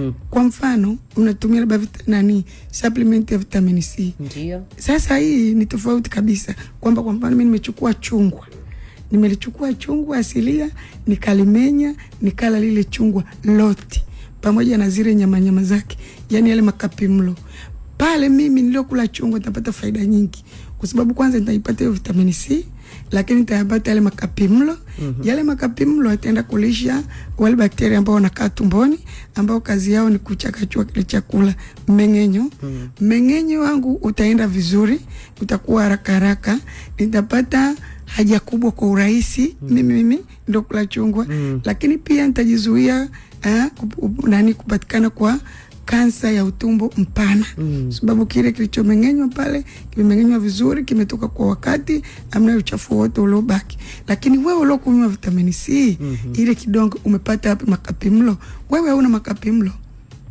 -hmm. Kwa mfano unatumia labda nani supplement ya vitamin C. Ndio. Sasa hii ni tofauti kabisa kwamba kwa mfano mimi nimechukua chungwa nimelichukua chungwa asilia nikalimenya nikala lile chungwa loti pamoja na zile nyamanyama zake, yani yale makapimlo pale mimi niliokula chungwa nitapata faida nyingi, kwa sababu kwanza nitaipata hiyo vitamini C, lakini nitayapata yale makapimlo mm -hmm. Yale makapimlo yataenda kulisha wale bakteria ambao wanakaa tumboni, ambao kazi yao ni kuchakachua kile chakula, mmeng'enyo mhm. mmeng'enyo mm -hmm. wangu utaenda vizuri, utakuwa haraka haraka, nitapata haja kubwa kwa urahisi mm. -hmm. Mimi mimi ndio kula chungwa mm. -hmm. Lakini pia nitajizuia eh, kup, nani kupatikana kwa kansa ya utumbo mpana mm. Sababu kile kilichomeng'enywa pale kimemeng'enywa vizuri, kimetoka kwa wakati, amna uchafu wote uliobaki. Lakini wewe uliokunywa vitamini C mm -hmm. ile kidonge umepata hapa makapi mlo? Wewe huna makapi mlo,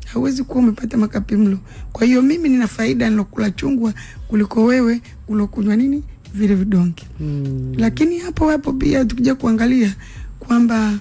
hauwezi kuwa umepata makapi mlo. Kwa hiyo mimi nina faida nilokula chungwa kuliko wewe uliokunywa nini vile vidonge mm. Lakini hapo hapo pia tukija kuangalia kwamba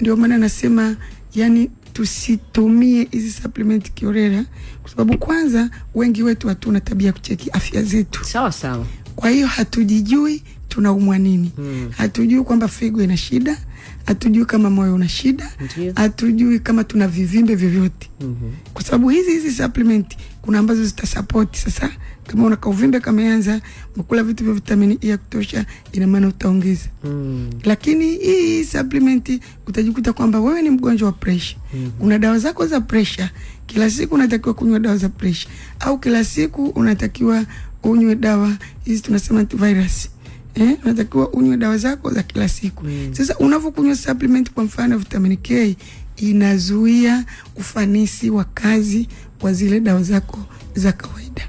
ndio maana nasema yani tusitumie hizi supplement kiorera, kwa sababu kwanza wengi wetu hatuna tabia ya kucheki afya zetu sawa sawa. Kwa hiyo hatujijui tunaumwa nini? Hmm. Hatujui kwamba figo ina shida, hatujui kama moyo una shida, hatujui kama tuna vivimbe vyovyote. Mm -hmm. Kwa sababu hizi hizi supplement kuna ambazo zitasupport sasa kama una kauvimbe kameanza, mkula vitu vya vitamini E ya kutosha, ina maana utaongeza. Mm. Lakini hii supplement utajikuta kwamba wewe ni mgonjwa wa pressure. Mm -hmm. Una dawa zako za pressure, kila siku unatakiwa kunywa dawa za pressure au kila siku unatakiwa unywe dawa hizi tunasema antivirus. mm eh, unatakiwa unywe dawa zako za kila siku mm. Sasa unavyokunywa supplement, kwa mfano vitamin K inazuia ufanisi wa kazi wa zile dawa zako za kawaida.